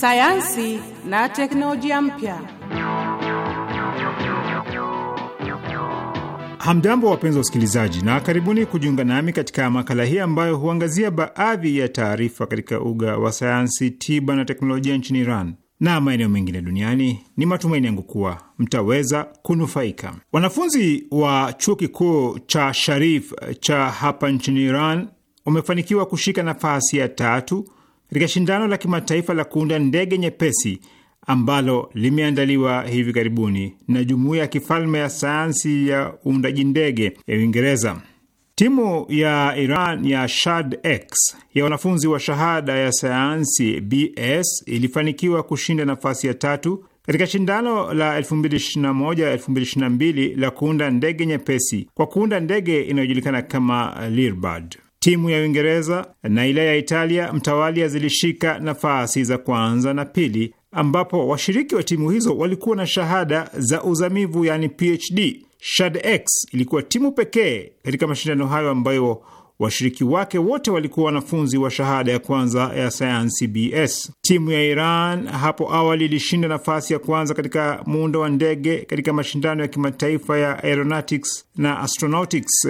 sayansi na teknolojia mpya. Hamjambo, wapenzi wa usikilizaji, na karibuni kujiunga nami katika makala hii ambayo huangazia baadhi ya taarifa katika uga wa sayansi, tiba na teknolojia nchini Iran na maeneo mengine duniani. Ni matumaini yangu kuwa mtaweza kunufaika. Wanafunzi wa chuo kikuu cha Sharif cha hapa nchini Iran wamefanikiwa kushika nafasi ya tatu katika shindano la kimataifa la kuunda ndege nyepesi ambalo limeandaliwa hivi karibuni na jumuiya ya kifalme ya sayansi ya uundaji ndege ya Uingereza. Timu ya Iran ya Shad X ya wanafunzi wa shahada ya sayansi BS ilifanikiwa kushinda nafasi ya tatu katika shindano la 2021-2022 la kuunda ndege nyepesi kwa kuunda ndege inayojulikana kama Lirbad. Timu ya Uingereza na ile ya Italia mtawalia zilishika nafasi za kwanza na pili, ambapo washiriki wa timu hizo walikuwa na shahada za uzamivu yani PhD. x ilikuwa timu pekee katika mashindano hayo ambayo washiriki wake wote walikuwa wanafunzi wa shahada ya kwanza ya sayansi BS. Timu ya Iran hapo awali ilishinda nafasi ya kwanza katika muundo wa ndege katika mashindano ya kimataifa ya aeronautics na astronautics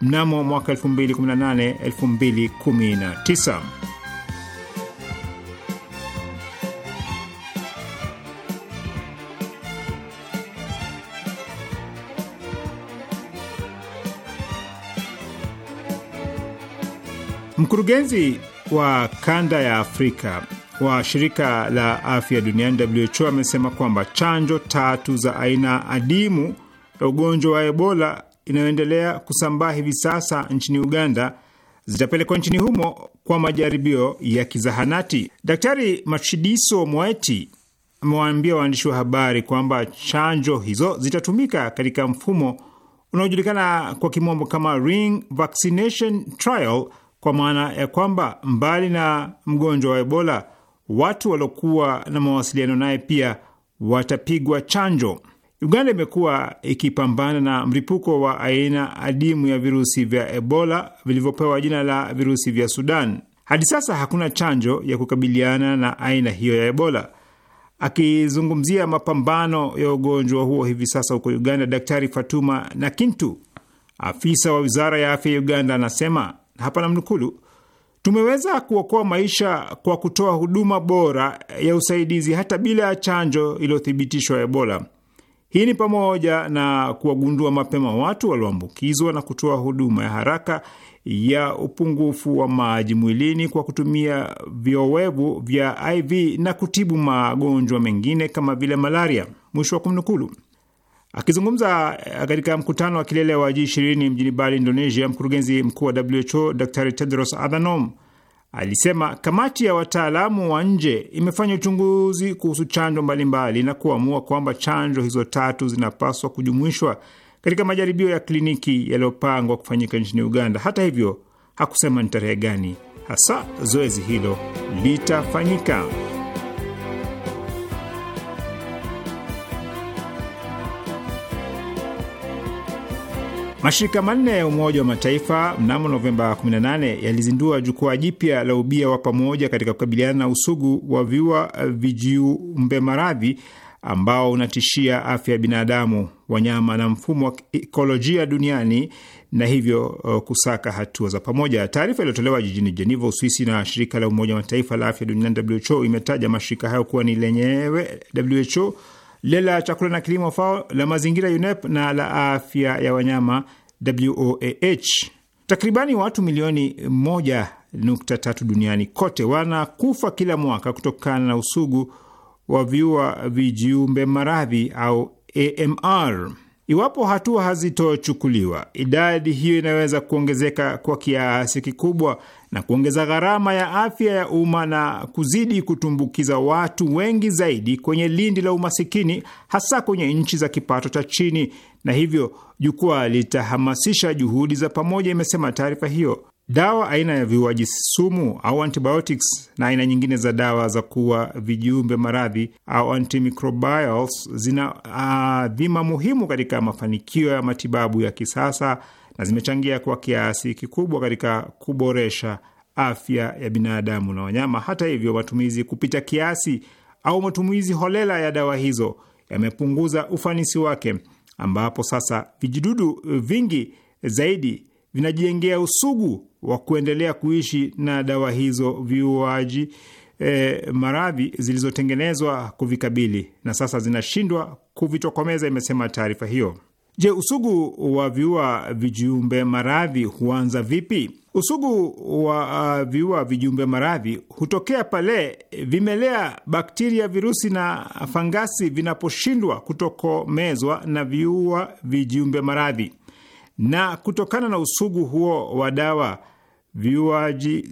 mnamo mwaka 2018 2019. Mkurugenzi wa kanda ya Afrika wa shirika la afya duniani WHO amesema kwamba chanjo tatu za aina adimu ya ugonjwa wa Ebola inayoendelea kusambaa hivi sasa nchini Uganda zitapelekwa nchini humo kwa majaribio ya kizahanati. Daktari mashidiso Moeti amewaambia waandishi wa habari kwamba chanjo hizo zitatumika katika mfumo unaojulikana kwa kimombo kama ring vaccination trial, kwa maana ya kwamba mbali na mgonjwa wa Ebola, watu waliokuwa na mawasiliano naye pia watapigwa chanjo. Uganda imekuwa ikipambana na mlipuko wa aina adimu ya virusi vya Ebola vilivyopewa jina la virusi vya Sudan. Hadi sasa hakuna chanjo ya kukabiliana na aina hiyo ya Ebola. Akizungumzia mapambano ya ugonjwa huo hivi sasa huko Uganda, Daktari Fatuma Nakintu, afisa wa wizara ya afya ya Uganda, anasema hapa mnukulu, tumeweza kuokoa maisha kwa kutoa huduma bora ya usaidizi hata bila ya chanjo iliyothibitishwa Ebola. Hii ni pamoja na kuwagundua mapema watu walioambukizwa na kutoa huduma ya haraka ya upungufu wa maji mwilini kwa kutumia viowevu vya IV na kutibu magonjwa mengine kama vile malaria. Mwisho wa kumnukulu. Akizungumza eh, katika mkutano wa kilele wa G20 mjini Bali, Indonesia, mkurugenzi mkuu wa WHO dr Tedros Adhanom Alisema kamati ya wataalamu wa nje imefanya uchunguzi kuhusu chanjo mbalimbali na kuamua kwamba chanjo hizo tatu zinapaswa kujumuishwa katika majaribio ya kliniki yaliyopangwa kufanyika nchini Uganda. Hata hivyo, hakusema ni tarehe gani hasa zoezi hilo litafanyika. Mashirika manne ya Umoja wa Mataifa mnamo Novemba 18 yalizindua jukwaa jipya la ubia wa pamoja katika kukabiliana na usugu wa viua vijiumbe maradhi ambao unatishia afya ya binadamu, wanyama na mfumo wa ekolojia duniani na hivyo kusaka hatua za pamoja. Taarifa iliyotolewa jijini Jeneva, Uswisi, na shirika la Umoja wa Mataifa la afya duniani WHO imetaja mashirika hayo kuwa ni lenyewe WHO lile la chakula na kilimo FAO, la mazingira UNEP na la afya ya wanyama WOAH. Takribani watu milioni moja nukta tatu duniani kote wanakufa kila mwaka kutokana na usugu wa viua vijiumbe maradhi au AMR. Iwapo hatua hazitochukuliwa, idadi hiyo inaweza kuongezeka kwa kiasi kikubwa na kuongeza gharama ya afya ya umma na kuzidi kutumbukiza watu wengi zaidi kwenye lindi la umasikini, hasa kwenye nchi za kipato cha chini, na hivyo jukwaa litahamasisha juhudi za pamoja, imesema taarifa hiyo. Dawa aina ya viuaji sumu au antibiotics na aina nyingine za dawa za kuua vijiumbe maradhi au antimicrobials zina uh, muhimu katika mafanikio ya matibabu ya kisasa na zimechangia kwa kiasi kikubwa katika kuboresha afya ya binadamu na wanyama. Hata hivyo, matumizi kupita kiasi au matumizi holela ya dawa hizo yamepunguza ufanisi wake, ambapo sasa vijidudu vingi zaidi vinajiengea usugu wa kuendelea kuishi na dawa hizo viuaji e, maradhi zilizotengenezwa kuvikabili na sasa zinashindwa kuvitokomeza, imesema taarifa hiyo. Je, usugu wa viua vijiumbe maradhi huanza vipi? Usugu wa uh, viua vijiumbe maradhi hutokea pale vimelea, bakteria, virusi na fangasi vinaposhindwa kutokomezwa na viua vijiumbe maradhi, na kutokana na usugu huo wa dawa viuaji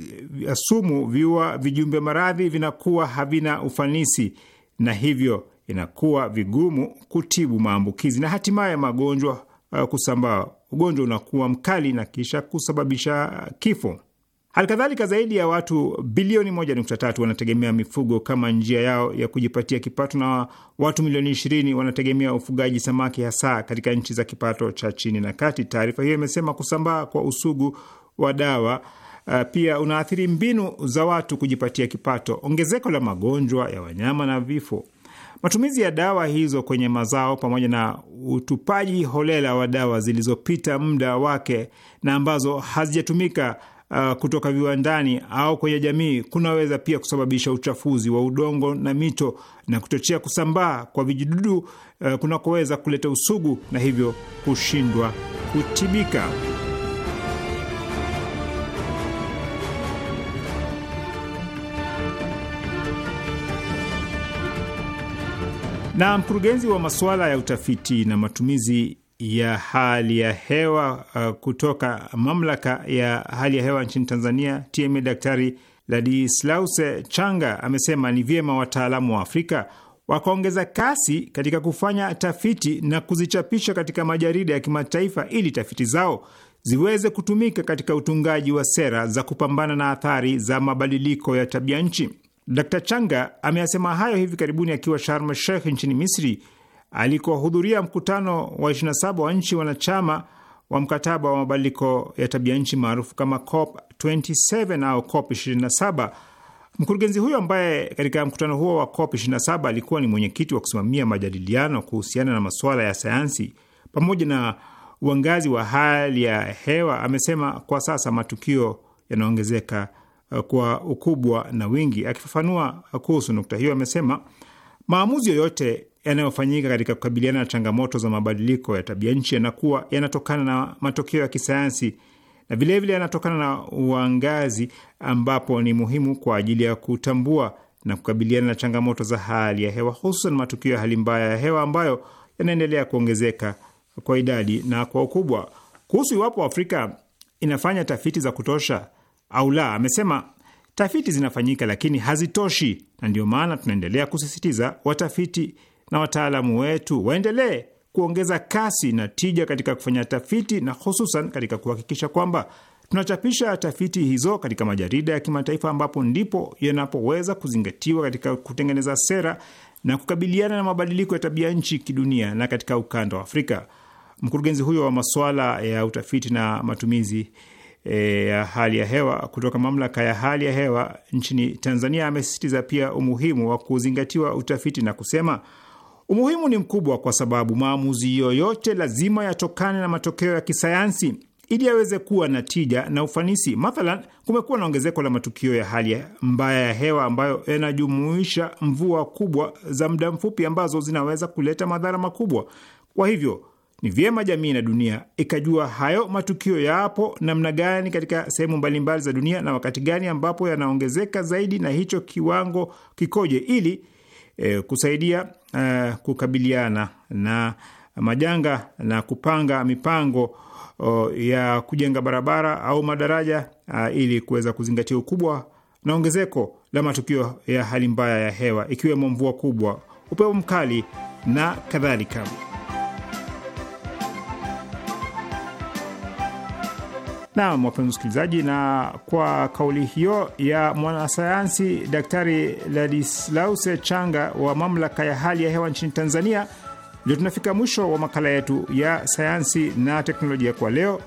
sumu, viua vijiumbe maradhi vinakuwa havina ufanisi na hivyo inakuwa vigumu kutibu maambukizi na hatimaye magonjwa uh, kusambaa. Ugonjwa unakuwa mkali na kisha kusababisha kifo. Halikadhalika, zaidi ya watu bilioni 1.3 wanategemea mifugo kama njia yao ya kujipatia kipato na watu milioni 20 wanategemea ufugaji samaki, hasa katika nchi za kipato cha chini na kati. Taarifa hiyo imesema kusambaa kwa usugu wa dawa uh, pia unaathiri mbinu za watu kujipatia kipato, ongezeko la magonjwa ya wanyama na vifo. Matumizi ya dawa hizo kwenye mazao pamoja na utupaji holela wa dawa zilizopita muda wake na ambazo hazijatumika uh, kutoka viwandani au kwenye jamii kunaweza pia kusababisha uchafuzi wa udongo na mito na kuchochea kusambaa kwa vijidudu uh, kunakoweza kuleta usugu na hivyo kushindwa kutibika. Na mkurugenzi wa masuala ya utafiti na matumizi ya hali ya hewa uh, kutoka mamlaka ya hali ya hewa nchini Tanzania TMA Daktari Ladislaus Changa amesema ni vyema wataalamu wa Afrika wakaongeza kasi katika kufanya tafiti na kuzichapisha katika majarida ya kimataifa ili tafiti zao ziweze kutumika katika utungaji wa sera za kupambana na athari za mabadiliko ya tabia nchi. Dr Changa ameyasema hayo hivi karibuni akiwa Sharm el Sheikh nchini Misri, alikohudhuria mkutano wa 27 wa nchi wanachama wa mkataba wa mabadiliko ya tabia nchi maarufu kama COP 27 au COP 27. Mkurugenzi huyo ambaye katika mkutano huo wa COP 27 alikuwa ni mwenyekiti wa kusimamia majadiliano kuhusiana na masuala ya sayansi pamoja na uangazi wa hali ya hewa amesema kwa sasa matukio yanaongezeka Eh, kwa ukubwa na wingi. Akifafanua kuhusu nukta hiyo, amesema maamuzi yoyote yanayofanyika katika kukabiliana na changamoto za mabadiliko ya tabia nchi yanakuwa yanatokana na matokeo ya kisayansi na vilevile yanatokana na uangazi, ambapo ni muhimu kwa ajili ya kutambua na kukabiliana na changamoto za hali ya hewa, hususan matukio ya hali mbaya ya hewa ambayo yanaendelea kuongezeka kwa idadi na kwa ukubwa. Kuhusu iwapo Afrika inafanya tafiti za kutosha au la. Amesema tafiti zinafanyika lakini hazitoshi, na ndio maana tunaendelea kusisitiza watafiti na wataalamu wetu waendelee kuongeza kasi na tija katika kufanya tafiti na hususan katika kuhakikisha kwamba tunachapisha tafiti hizo katika majarida ya kimataifa ambapo ndipo yanapoweza kuzingatiwa katika kutengeneza sera na kukabiliana na mabadiliko ya tabia nchi kidunia na katika ukanda wa Afrika. Mkurugenzi huyo wa masuala ya utafiti na matumizi E, ya e, hali ya hewa kutoka mamlaka ya hali ya hewa nchini Tanzania amesisitiza pia umuhimu wa kuzingatiwa utafiti na kusema umuhimu ni mkubwa, kwa sababu maamuzi yoyote lazima yatokane na matokeo ya kisayansi ili yaweze kuwa na tija na ufanisi. Mathalan, kumekuwa na ongezeko la matukio ya hali mbaya ya hewa ambayo yanajumuisha mvua kubwa za muda mfupi ambazo zinaweza kuleta madhara makubwa. Kwa hivyo ni vyema jamii na dunia ikajua hayo matukio yapo namna gani katika sehemu mbalimbali za dunia na wakati gani ambapo yanaongezeka zaidi na hicho kiwango kikoje, ili e, kusaidia e, kukabiliana na majanga na kupanga mipango o, ya kujenga barabara au madaraja a, ili kuweza kuzingatia ukubwa na ongezeko la matukio ya hali mbaya ya hewa ikiwemo mvua kubwa, upepo mkali na kadhalika. Naam, wapenzi msikilizaji, na kwa kauli hiyo ya mwanasayansi Daktari Ladislause Changa wa mamlaka ya hali ya hewa nchini Tanzania, ndio tunafika mwisho wa makala yetu ya sayansi na teknolojia kwa leo.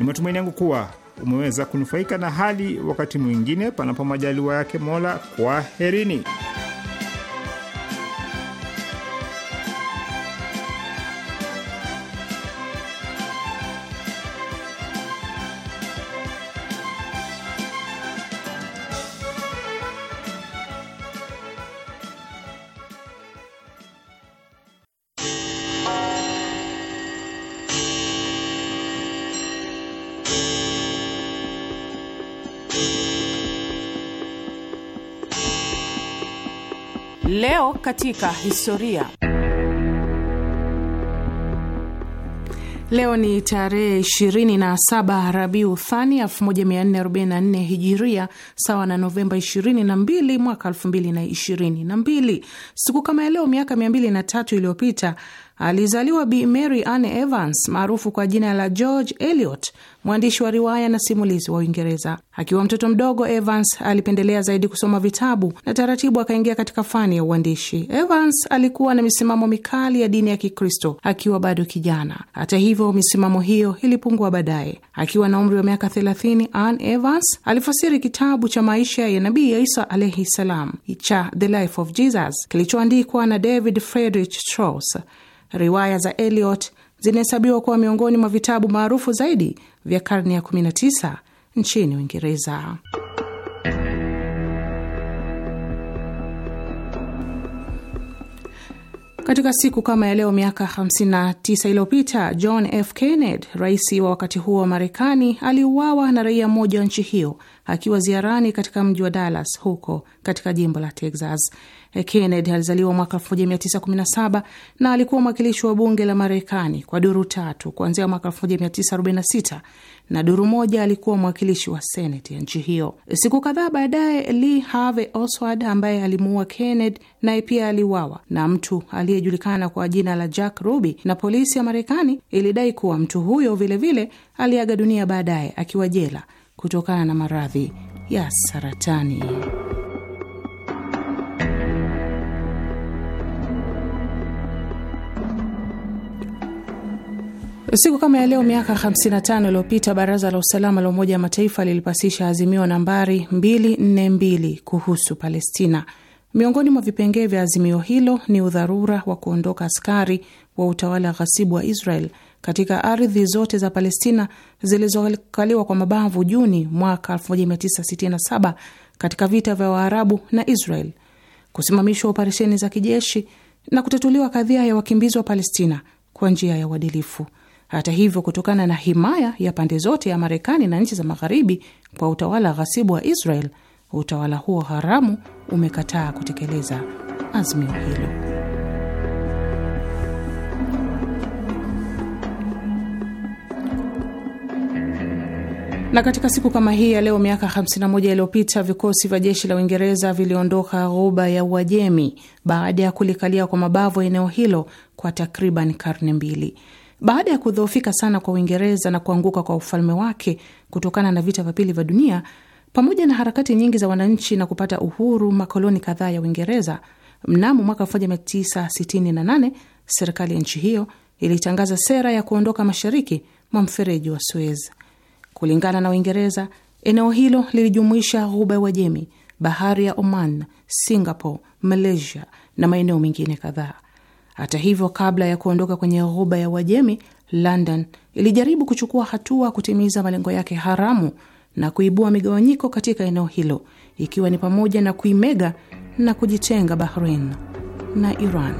Ni matumaini yangu kuwa umeweza kunufaika na hali wakati mwingine, panapo majaliwa yake Mola. Kwaherini. Leo katika historia. Leo ni tarehe 27 Rabiu Thani 1444 Hijiria, sawa na Novemba 22 mwaka 2022. Siku kama ya leo miaka 203 iliyopita Alizaliwa Bi Mary Anne Evans maarufu kwa jina la George Eliot, mwandishi wa riwaya na simulizi wa Uingereza. Akiwa mtoto mdogo, Evans alipendelea zaidi kusoma vitabu na taratibu akaingia katika fani ya uandishi. Evans alikuwa na misimamo mikali ya dini ya Kikristo akiwa bado kijana. Hata hivyo, misimamo hiyo ilipungua baadaye. Akiwa na umri wa miaka 30, Anne Evans alifasiri kitabu cha maisha ya Nabii Isa alaihi salam cha The Life of Jesus kilichoandikwa na David Friedrich Strauss. Riwaya za Eliot zinahesabiwa kuwa miongoni mwa vitabu maarufu zaidi vya karne ya 19 nchini Uingereza. Katika siku kama ya leo miaka 59 iliyopita John F. Kennedy, rais wa wakati huo wa Marekani, aliuawa na raia mmoja wa nchi hiyo akiwa ziarani katika mji wa Dallas huko katika jimbo la Texas. Eh, Kennedy alizaliwa mwaka 1917 na alikuwa mwakilishi wa bunge la Marekani kwa duru tatu kuanzia mwaka 1946 na duru moja alikuwa mwakilishi wa seneti ya nchi hiyo. Eh, siku kadhaa baadaye, Lee Harvey Oswald ambaye alimuua Kennedy naye pia aliwawa na mtu aliyejulikana kwa jina la Jack Ruby, na polisi ya Marekani ilidai kuwa mtu huyo vilevile vile aliaga dunia baadaye akiwa jela kutokana na maradhi ya saratani. Siku kama ya leo miaka 55 iliyopita baraza la usalama la Umoja wa Mataifa lilipasisha azimio nambari 242 kuhusu Palestina. Miongoni mwa vipengee vya azimio hilo ni udharura wa kuondoka askari wa utawala ghasibu wa Israel katika ardhi zote za Palestina zilizokaliwa kwa mabavu Juni mwaka 1967 katika vita vya Waarabu na Israel, kusimamishwa operesheni za kijeshi na kutatuliwa kadhia ya wakimbizi wa Palestina kwa njia ya uadilifu. Hata hivyo, kutokana na himaya ya pande zote ya Marekani na nchi za Magharibi kwa utawala ghasibu wa Israel, utawala huo haramu umekataa kutekeleza azimio hilo. na katika siku kama hii ya leo miaka 51 iliyopita vikosi vya jeshi la Uingereza viliondoka ghuba ya Uajemi baada ya kulikalia kwa mabavu eneo hilo kwa takriban karne mbili. Baada ya kudhoofika sana kwa Uingereza na kuanguka kwa ufalme wake kutokana na vita vya pili vya dunia, pamoja na harakati nyingi za wananchi na kupata uhuru makoloni kadhaa ya Uingereza, mnamo mwaka 1968 serikali ya nchi hiyo ilitangaza sera ya kuondoka mashariki mwa mfereji wa Suez. Kulingana na Uingereza, eneo hilo lilijumuisha ghuba ya Uajemi, bahari ya Oman, Singapore, Malaysia na maeneo mengine kadhaa. Hata hivyo, kabla ya kuondoka kwenye ghuba ya Uajemi, London ilijaribu kuchukua hatua kutimiza malengo yake haramu na kuibua migawanyiko katika eneo hilo, ikiwa ni pamoja na kuimega na kujitenga Bahrain na Iran.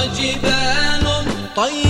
وجبال طيب